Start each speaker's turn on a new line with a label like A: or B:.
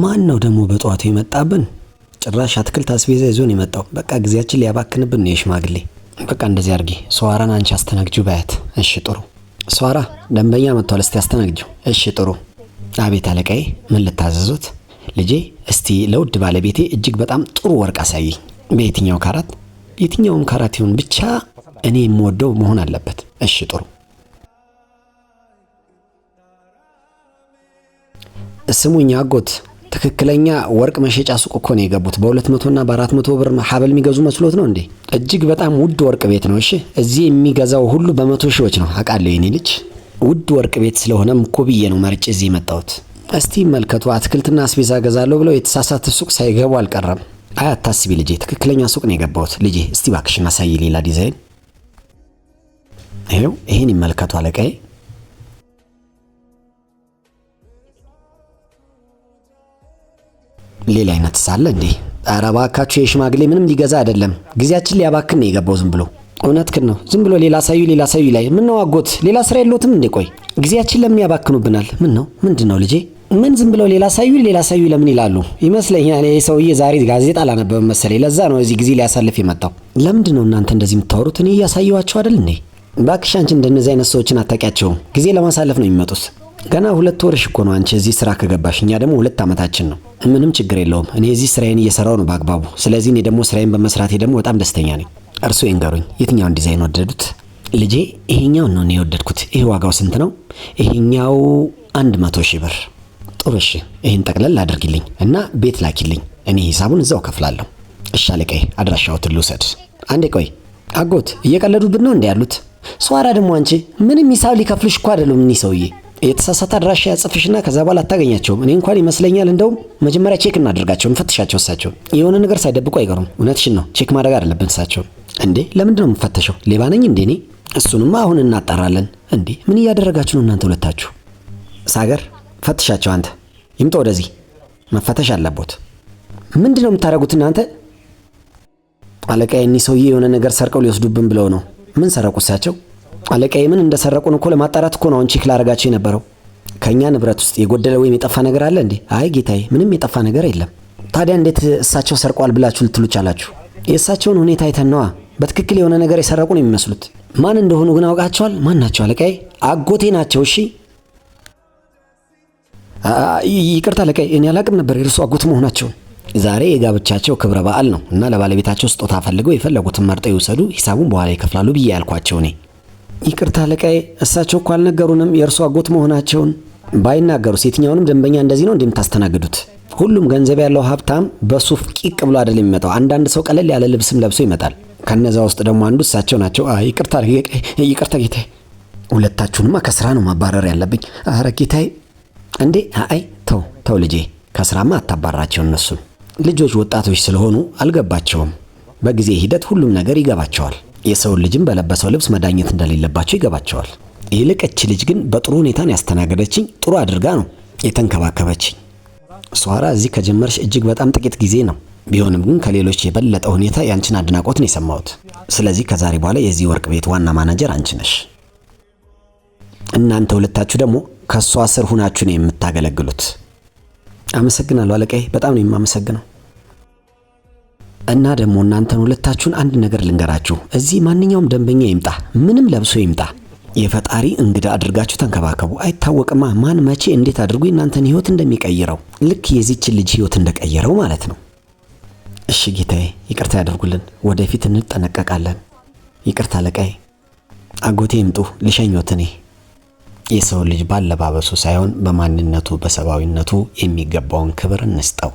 A: ማን ነው ደግሞ በጠዋቱ የመጣብን? ጭራሽ አትክልት አስቤዛ ነው የመጣው በቃ ጊዜያችን ሊያባክንብን ነው። የሽማግሌ በቃ እንደዚህ አርጊ፣ ሰዋራን አንቺ አስተናግጁ ባያት። እሺ ጥሩ። ሰዋራ ደንበኛ መጥቷል፣ እስቲ አስተናግጁ። እሺ ጥሩ። አቤት አለቃዬ፣ ምን ልታዘዙት? ልጄ እስቲ ለውድ ባለቤቴ እጅግ በጣም ጥሩ ወርቅ አሳይ። በየትኛው ካራት? የትኛውም ካራት ይሁን ብቻ እኔ የምወደው መሆን አለበት። እሺ ጥሩ። ስሙኝ አጎት ትክክለኛ ወርቅ መሸጫ ሱቅ እኮ ነው የገቡት። በ200 እና በ400 ብር ሀብል የሚገዙ መስሎት ነው እንዴ? እጅግ በጣም ውድ ወርቅ ቤት ነው። እሺ፣ እዚህ የሚገዛው ሁሉ በመቶ ሺዎች ነው አውቃለሁ። የኔ ልጅ ውድ ወርቅ ቤት ስለሆነም እኮ ብዬ ነው መርጬ እዚህ የመጣሁት። እስቲ መልከቱ። አትክልትና አስቤዛ ገዛለሁ ብለው የተሳሳተ ሱቅ ሳይገቡ አልቀረም። አይ አታስቢ ልጄ፣ ትክክለኛ ሱቅ ነው የገባሁት። ልጄ እስቲ ባክሽን አሳይ ሌላ ዲዛይን። ይሄው ይህን ይመልከቱ አለቃዬ። ሌላ አይነት ሳለ እንዴ? ኧረ እባካችሁ የሽማግሌ ምንም ሊገዛ አይደለም። ጊዜያችን ሊያባክን ነው የገባው ዝም ብሎ። እውነትህን ነው። ዝም ብሎ ሌላ ሳዩ ሌላ ሳዩ ላይ ምን ነው አጎት፣ ሌላ ስራ የለዎትም እንዴ? ቆይ ጊዜያችን ለምን ያባክኑብናል? ምን ነው ምንድን ነው ልጄ? ምን ዝም ብለው ሌላ ሳዩ ሌላ ሳዩ ለምን ይላሉ? ይመስለኛል ይህ ሰውዬ ዛሬ ጋዜጣ አላነበበም መሰለኝ። ለዛ ነው እዚህ ጊዜ ሊያሳልፍ የመጣው። ለምንድን ነው እናንተ እንደዚህ የምታወሩት? እኔ እያሳየኋቸው አይደል እንዴ? እባክሽ አንቺ እንደነዚህ አይነት ሰዎችን አታውቂያቸውም። ጊዜ ለማሳለፍ ነው የሚመጡት። ገና ሁለት ወርሽ እኮ ነው አንቺ እዚህ ስራ ከገባሽ፣ እኛ ደግሞ ሁለት ዓመታችን ነው። ምንም ችግር የለውም። እኔ እዚህ ስራዬን እየሰራው ነው በአግባቡ። ስለዚህ እኔ ደግሞ ስራዬን በመስራቴ ደግሞ በጣም ደስተኛ ነኝ። እርስዎ ይንገሩኝ የትኛውን ዲዛይን ወደዱት? ልጄ ይሄኛውን ነው እኔ የወደድኩት። ይሄ ዋጋው ስንት ነው? ይሄኛው አንድ መቶ ሺህ ብር። ጥሩ እሺ፣ ይህን ጠቅለል አድርግልኝ እና ቤት ላኪልኝ። እኔ ሂሳቡን እዛው ከፍላለሁ። እሺ አለቃዬ፣ አድራሻዎትን ልውሰድ። አንዴ ቆይ አጎት፣ እየቀለዱብን ነው እንዲ ያሉት ሰዋራ ደግሞ አንቺ ምንም ሂሳብ ሊከፍልሽ እኮ አይደሉም እኒህ ሰውዬ የተሳሳተ አድራሻ ያጽፍሽና ከዛ በኋላ አታገኛቸውም። እኔ እንኳን ይመስለኛል እንደውም መጀመሪያ ቼክ እናደርጋቸው እንፈትሻቸው። እሳቸው የሆነ ነገር ሳይደብቁ አይቀሩም። እውነትሽን ነው። ቼክ ማድረግ አለብን። እሳቸው እንዴ ለምንድን ነው የምፈተሸው? ሌባ ነኝ እንዴ እኔ? እሱንማ አሁን እናጣራለን። እንዴ ምን እያደረጋችሁ ነው እናንተ ሁለታችሁ? ሳገር ፈትሻቸው። አንተ ይምጦ ወደዚህ። መፈተሽ አለቦት። ምንድን ነው የምታደርጉት እናንተ? አለቃ፣ እኒህ ሰውዬ የሆነ ነገር ሰርቀው ሊወስዱብን ብለው ነው። ምን ሰረቁ እሳቸው? አለቃዬ ምን እንደሰረቁን እኮ ለማጣራት እኮ ነው አሁን ቼክ ላደርጋቸው የነበረው። ከእኛ ንብረት ውስጥ የጎደለ ወይም የጠፋ ነገር አለ እንዴ? አይ ጌታዬ፣ ምንም የጠፋ ነገር የለም። ታዲያ እንዴት እሳቸው ሰርቀዋል ብላችሁ ልትሉ ቻላችሁ? የእሳቸውን ሁኔታ አይተን ነዋ። በትክክል የሆነ ነገር የሰረቁ ነው የሚመስሉት። ማን እንደሆኑ ግን አውቃቸዋል? ማን ናቸው? አለቃዬ አጎቴ ናቸው። እሺ ይቅርታ አለቃዬ፣ እኔ አላቅም ነበር የእርሱ አጎት መሆናቸውን። ዛሬ የጋብቻቸው ክብረ በዓል ነው እና ለባለቤታቸው ስጦታ ፈልገው የፈለጉትን መርጠው ይውሰዱ፣ ሂሳቡን በኋላ ይከፍላሉ ብዬ ያልኳቸው እኔ ይቅርታ አለቃዬ፣ እሳቸው እኮ አልነገሩንም የእርሱ አጎት መሆናቸውን። ባይናገሩስ የትኛውንም ደንበኛ እንደዚህ ነው እንደምታስተናግዱት? ሁሉም ገንዘብ ያለው ሀብታም በሱፍ ቂቅ ብሎ አይደል የሚመጣው። አንዳንድ ሰው ቀለል ያለ ልብስም ለብሶ ይመጣል። ከነዛ ውስጥ ደግሞ አንዱ እሳቸው ናቸው። ይቅርታ ይቅርታ ሁለታችሁንማ ከስራ ነው ማባረር ያለብኝ። አረ ጌታዬ፣ እንዴ! አይ ተው ተው ልጄ፣ ከስራማ አታባራቸው። እነሱ ልጆች ወጣቶች ስለሆኑ አልገባቸውም። በጊዜ ሂደት ሁሉም ነገር ይገባቸዋል። የሰው ልጅም በለበሰው ልብስ መዳኘት እንደሌለባቸው ይገባቸዋል። ይልቅ ልጅ ግን በጥሩ ነው ያስተናገደችኝ፣ ጥሩ አድርጋ ነው የተንከባከበችኝ። ሷራ እዚህ ከጀመርሽ እጅግ በጣም ጥቂት ጊዜ ነው። ቢሆንም ግን ከሌሎች የበለጠ ሁኔታ ያንቺን አድናቆት ነው የሰማሁት። ስለዚህ ከዛሬ በኋላ የዚህ ወርቅ ቤት ዋና ማናጀር አንቺ ነሽ። እናንተ ሁለታችሁ ደግሞ ከእሷ ስር ሁናችሁ ነው የምታገለግሉት። አመሰግናለሁ አለቃዬ፣ በጣም ነው የማመሰግነው። እና ደግሞ እናንተን ሁለታችሁን አንድ ነገር ልንገራችሁ። እዚህ ማንኛውም ደንበኛ ይምጣ፣ ምንም ለብሶ ይምጣ፣ የፈጣሪ እንግዳ አድርጋችሁ ተንከባከቡ። አይታወቅማ ማን መቼ እንዴት አድርጉ እናንተን ህይወት እንደሚቀይረው ልክ የዚችን ልጅ ህይወት እንደቀየረው ማለት ነው። እሺ ጌታዬ፣ ይቅርታ ያደርጉልን። ወደፊት እንጠነቀቃለን። ይቅርታ አለቃዬ። አጎቴ ይምጡ፣ ልሸኞት እኔ የሰው ልጅ ባለባበሱ ሳይሆን በማንነቱ በሰብአዊነቱ የሚገባውን ክብር እንስጠው።